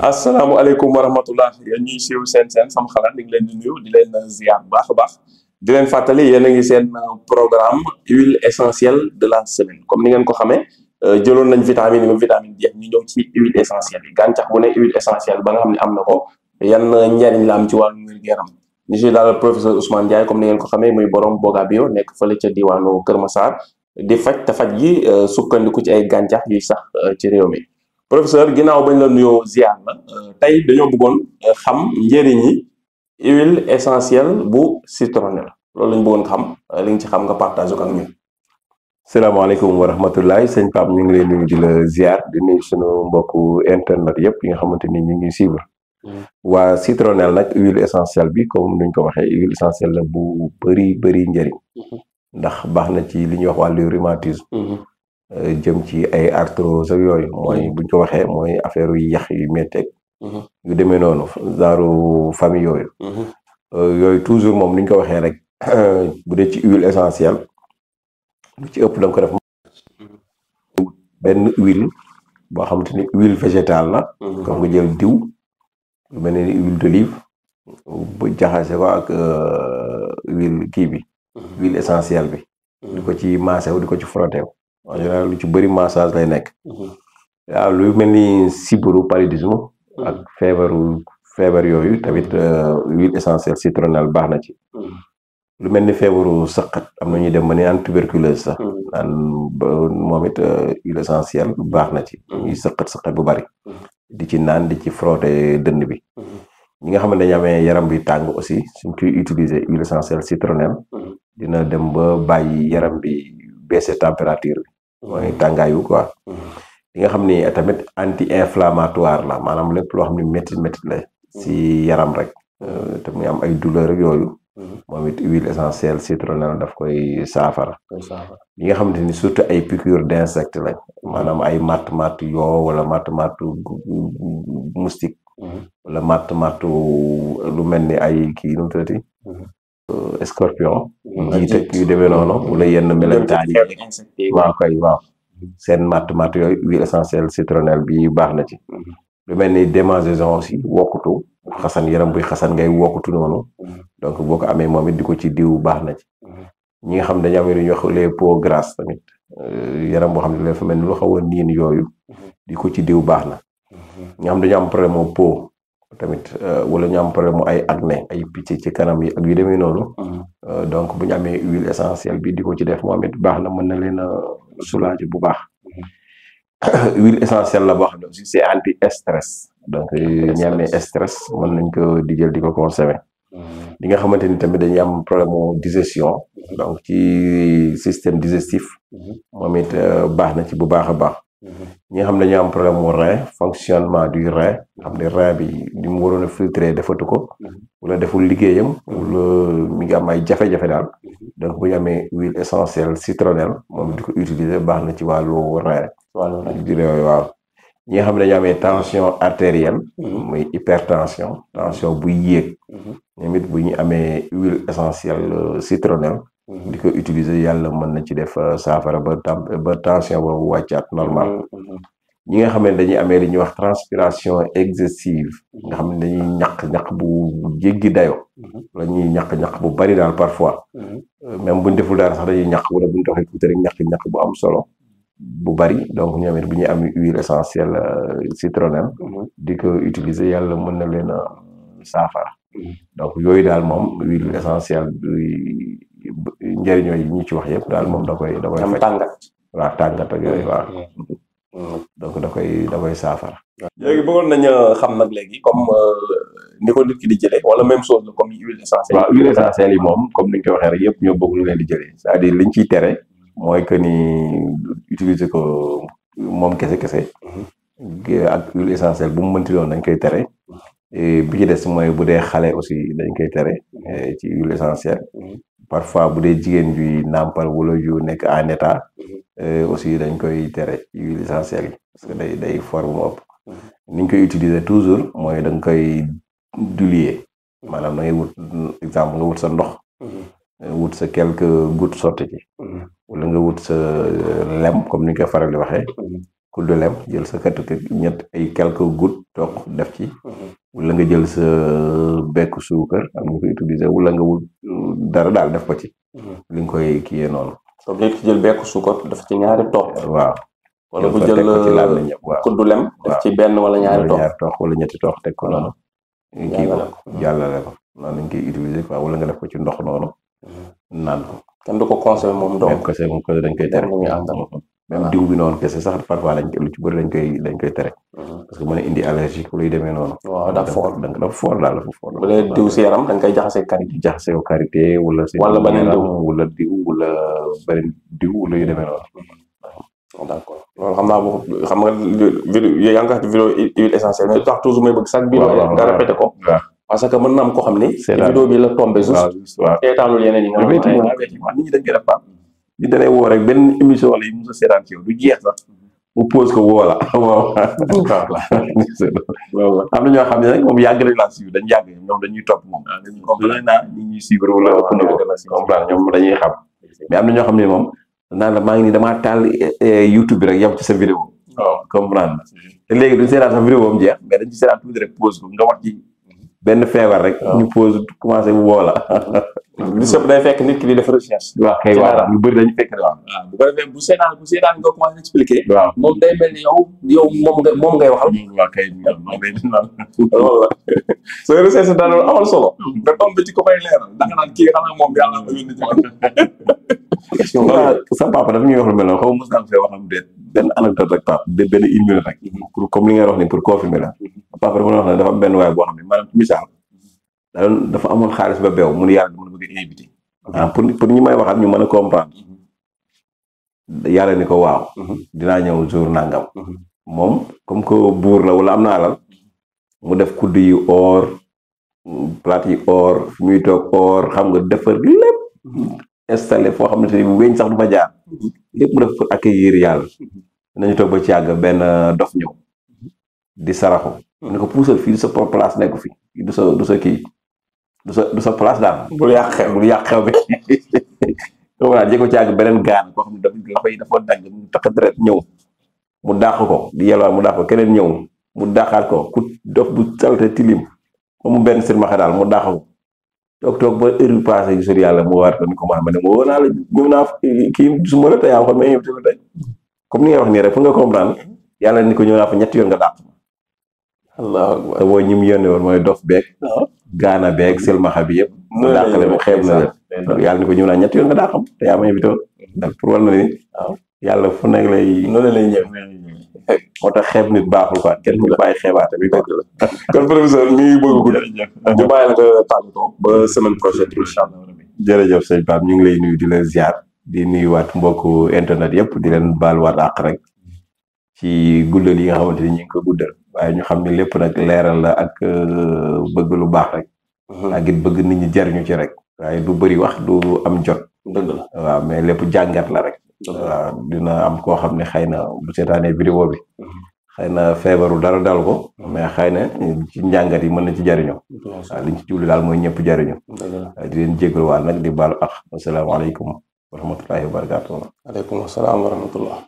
asalaamaaleykum wa rahmatullah yéen ñuy siiw sen sen sama xalaat ñu ngi leen di nuyu di leen ziar bu baax baax di leen fatali yéen a ngi sen euh, programme huile essentielle de la semaine comme ni ngeen ko xamé euh, jëlon nañ vitamine vitamine jeex ñu ñëw ci huile essentielle gantax bu ne huile essentielle ba nga xamni ne am na ko yan ñariñ la am ci walu ngir geram ni ci dal professeur Ousmane Ndiaye comme ni ngeen ko xamé muy borom Boga Bio nek fele ci diwanu Kër Massar di fajj ta fajj gi euh, sukkandiku ci ay gantax yuy sax ci réew mi professeur ginaaw bañ la nuyo ziar la euh, tay dañu bëggoon euh, xam njëriñi huile essentielle bu citronnelle loolu lañ bëggoon xam euh, li nga ci xam nga partage ko ak ñun salaamu alaykum wa rahmatullah señ pap ñu ngi lay nuyu di la ziar di nuyu suñu mbokku internet yépp yi nga xamanteni ñu ngi suivre mm. wa citronnelle nak huile essentielle bi comme nuñ ko waxe huile essentielle la bu bari bari njëriñ mm-hmm. ndax baxna ci li ñuy wax wàllu rhumatisme mm-hmm. Euh, jëm ci ay arthrose ak yooyu mhm. mooy buñ ko waxee mooy affaire yu yax yu métteeg mhm. yu demee noonu daaru famille yooyu mhm. euh, yooyu toujours moom niñ ko waxee rek bu dee ci huile essentielle lu ci ëpp da nga ko def benn xamante ni huile végétale na nga nga jël diw lu mel ni huile d'olive bu jaxase ko ak euh, huile kii bi huile essentielle bi di ko ci maasé wu di ko ci frotté wu en général ya, lu ci bëri massage lay nekk waaw mhm. ya, lu mel ni sibiru paludisme mhm. ak feebaru feebar yooyu tamit euh, huile essentielle citronnelle baax na ci mhm. lu mel ni feebaru saqat am na ñuy dem ba ni an tuberculose sax naan moom euh, huile essentielle baax ci ñuy saqat saqat bu bari di ci naan di ci frotter dënd bi ñi nga xam ne dañu amee yaram bi tàng aussi suñ ciy utiliser huile essentielle citronnelle dina dem ba bàyyi yaram bi baisser température mooy tàngaay wu quoi. li nga xam ni tamit anti inflammatoire la maanaam lépp loo xam ni métti métti la. si yaram rek. Euh, te muy am ay douleur ak yooyu. moom it huile essentielle citronnelle daf koy saafara. li nga xamante ni surtout ay piqûre d' insecte lañ. maanaam ay matt matt yoo wala mat mat moustique. Hmm. wala matt matt lu mel ni ay kii nu mu tuddati hmm. scorpion jiite mm. yu demee noonu wala yenn melentaan yi mm. waaw koy waaw seen mat matt yooyu huile essentielle citronnelle bi baax na ci mm. lu mel ni démangeaison aussi wokkutu xasan yaram buy xasan ngay wokkutu noonu donc boo ko amee moom it di ko ci diw baax na ci ñi nga xam dañu am lu ñuy wax tamit euh, yaram boo xam ne dafa mel ni lu xaw a niin yooyu ko ci diw baax na ñi nga xam dañu tamit euh, wala ñu am problème mu ay acné ay picc ci kanam yi ak yu demee noonu. Mhm. Euh, donc bu ñu amee huile essentielle di ko ci def moom it baax na mën na leen a soulager bu baax. Mhm. huile essentielle la boo xam ne aussi c'est anti stress. donc euh, ñi amee stress mën nañ ko di jël di ko consommer. Mhm. li nga xamante ni tamit dañuy am problème mu digestion. donc ci système digestif. moom it baax na ci bu baax a baax. ñi nga xam ne dañoo am problème mu rein fonctionnement xam ne rein bi ni mu waroon a ko mhm. wala deful liggéeyam wala mi am ay jafe-jafe mhm. bu ñu amee huile essentielle citronnelle moom di ko utiliser baax na ci wàllu rein wàllu rein waaw ñi nga xam ne amee tension artérielle mhm. muy hypertension tension buy yéeg ñoom it bu ñu amee huile essentielle euh, citronnelle di ko utiliser yàlla mën na ci def euh, saafara ba tam ba tension boobu wàccaat normal mm-hmm, mm-hmm. ñi nga xam ne dañuy amee li ñuy wax transpiration excessive nga xam ne dañuy ñaq ñaq bu jéggi dayo mm-hmm. la ñuy ñaq ñaq bu bari daal parfois euh, même buñ deful dara sax dañuy ñaq wala buñ doxee tuuti rek ñaq bu am solo bu bari donc ñoom it bu ñuy am huile essentielle euh, citronnelle di ko utiliser yàlla mën na leen a saafara donc yooyu daal moom huile essentielle njëriñoo yi ñu ci wax yëpp daal moom da koy da koy faj tàngat waaw tàngat ak mm-hmm. Mm-hmm. donc da koy da koy saafara léegi bëggoon nañ xam nag léegi comme euh, ni ko nit ki di wala même chose comme huile essentielle waaw huile essentielle yi moom comme ni ñu ko waxee rek yëpp ñoo bokk lu leen di jëlee cest à tere mooy que ni utiliser ko moom kese kese mm-hmm. ak huile essentielle bu mu mënti doon dañ koy tere bi ci des mooy bu dee xale aussi dañ koy tere eh, ci huile essentielle parfois bu dee jigéen juy nàmpal wala yu nekk en état mhm. euh, aussi dañ koy tere huile essentielle yi parce que day day forme ëpp ni koy utiliser toujours mooy da nga koy diluer maanaam da ngay wut exemple nga wut sa ndox mhm. wut sa quelques gouttes sotti ci mhm. wala nga wut sa euh, lem comme ni ñu koy faral di waxee coude de lem jël sa xetu ñett ay quelques gouttes toog def ci wala nga jël sa bekk suukar am nga koy utiliser wala nga wut uh, dara daal def ko ci. Mm-hmm. li nga koy kiiyee noonu. donc nit ki jël bekk suukar def ci ñaari topp. waaw wala bu jël uh, kuddu lem. def ci benn wala ñaari topp ñaari topp wala ñetti topp teg ko mm-hmm. noonu. jàllale ko mm-hmm. jàllale ko noonu lañ koy utiliser quoi wala nga def ko ci ndox noonu. naan ko. kenn du ko moom donc. même kese moom dañ koy tere. même bi noonu kese sax parfois lañ lu ci bëri dañ koy dañ koy tere. parce que mën a indi allergie ku luy demee noonu. waaw dafa da nga fort daal dafa fort. bu dee diw si yaram da nga koy jaxasee karité. jaxasee ko karité wala. wala diw wala diw diw wala yu na am koo xam ni. vidéo bi la tombé juste. waaw teetaanul yeneen ne nit ñi dañ koy def ba. nit rek benn émission la yi mos a seetaan ci du jeex mu pose ko woo la waaw waaw am na ñoo xam ne rek moom yàgg nañ laa suivre dañ yàgg ñoom dañuy topp moom ah, comprendre naa ñi ñuy suivre wala ëpp dañuy xam mais am na ñoo xam ne moom naan la maa ngi damaa taal eh, eh, YouTube bi rek yem ci sa vidéo waaw oh. comprendre te léegi duñ seetaan sa vidéo am jeex mais dañ ci seetaan tuuti rek pose ko nga wax ci mm-hmm. benn feebar rek oh. ñu pose commencé woo la li sëpp day fekk nit ki di def recherche. waaw kay waaw ñu bëri dañu fekk waaw. bu ko defee bu seetaan bu seetaan nga commencé expliqué. waaw moom day mel ni yow yow moom nga moom ngay waxal. waaw kay moom day naan loolu la. sooy recherche daan amal solo. Hmm. nga tombé ci ko fay leeral da nga naan kii xanaa moom yàlla nga yónni ci man. question sa papa dafa ñuy wax lu mel noonu xaw ma mos naa fee wax am déet benn anecdote rek papa de benn une minute rek. Hmm. pour comme li ngay wax ni pour confirmer la. Hmm. papa dafa wax ne dafa am benn waay boo xam ne maanaam misaal dal dafa amul xaaliss ba bew mun yàlla dama bëgg invité ah. pour pour ñi may waxal ñu mëna comprendre mhm. yàlla ni ko waaw mhm. dina ñew jour nangam mom mhm. comme ko bour la wala amna la mu def kudd yi or plate yi or muy tok or xam nga defer lepp installé fo xam ne weñ sax du fa jaar lepp mu def pour accueillir yàlla nañu tok ba ci yag ben euh, dof ñew di saraxu mu ko puusal fi du sa place nek fi du sa du sa ki du sa du sa place daal bul yàq bul yàq xew bi voilà jéego caag beneen gaan koo xam ne loxo yi dafa dagg mu takk deret ñëw mu dàq ko di yelwaan mu dàq ko keneen ñëw mu dàqaat ko ku dof bu salte tilim ba mu benn sirmaxa daal mu dàq ko toog toog ba heure bi passé gisul yàlla mu waar ko ni ko ma ne ma woo naa la ñëw naa kii la te yaa xam ne invité comme ni wax nii rek fu nga comprendre yàlla ni ko ñëw naa fa ñetti yoon nga dàq a akbar te mooy ñi mu yónnee woon mooy dof beeg. gaana beeg silmaxa bi yëpp. mu dàq leen mu xeeb na leen. yàlla ni ko ñëw naa ñett yoon nga dàqam te yaa ma invité woon. ndax pour wàllu yàlla fu nekk lay. noonu lay ñëw. moo tax xeeb nit baaxul quoi kenn du bàyyi xeebaate bi. kon professeur mi ngi bëgg gudd. ñu bàyyi la nga tàggatoo ba semaine prochaine incha allah. jërëjëf sëñ Pape ñu ngi lay nuyu di la ziar di nuyuwaat mbokku internet yëpp di leen baaluwaat àq rek ci guddal yi nga xamante ni ñu ngi ko guddal waaye ñu xam ne lépp nag leeral la ak euh, bëgg lu baax rek. Mhm. ak it bëgg nit ñi jariñu ci rek. waaye du bëri wax du am jot. dëgg la waaw mais lépp jàngat la rek. dina am koo xam ne xëy na bu seetaanee vidéo bi. Mhm. xëy na feebaru dara dal ko. Mhm. mais xëy na ci njàngat yi mën na ci jariñoo. waaw liñ ci jublu daal mooy ñëpp jariñoo. di leen jégaluwaat nag di baalu ak asalaamaaleykum wa rahmatulahi wa barakaatu. waaleykum salaam wa rahmatullah.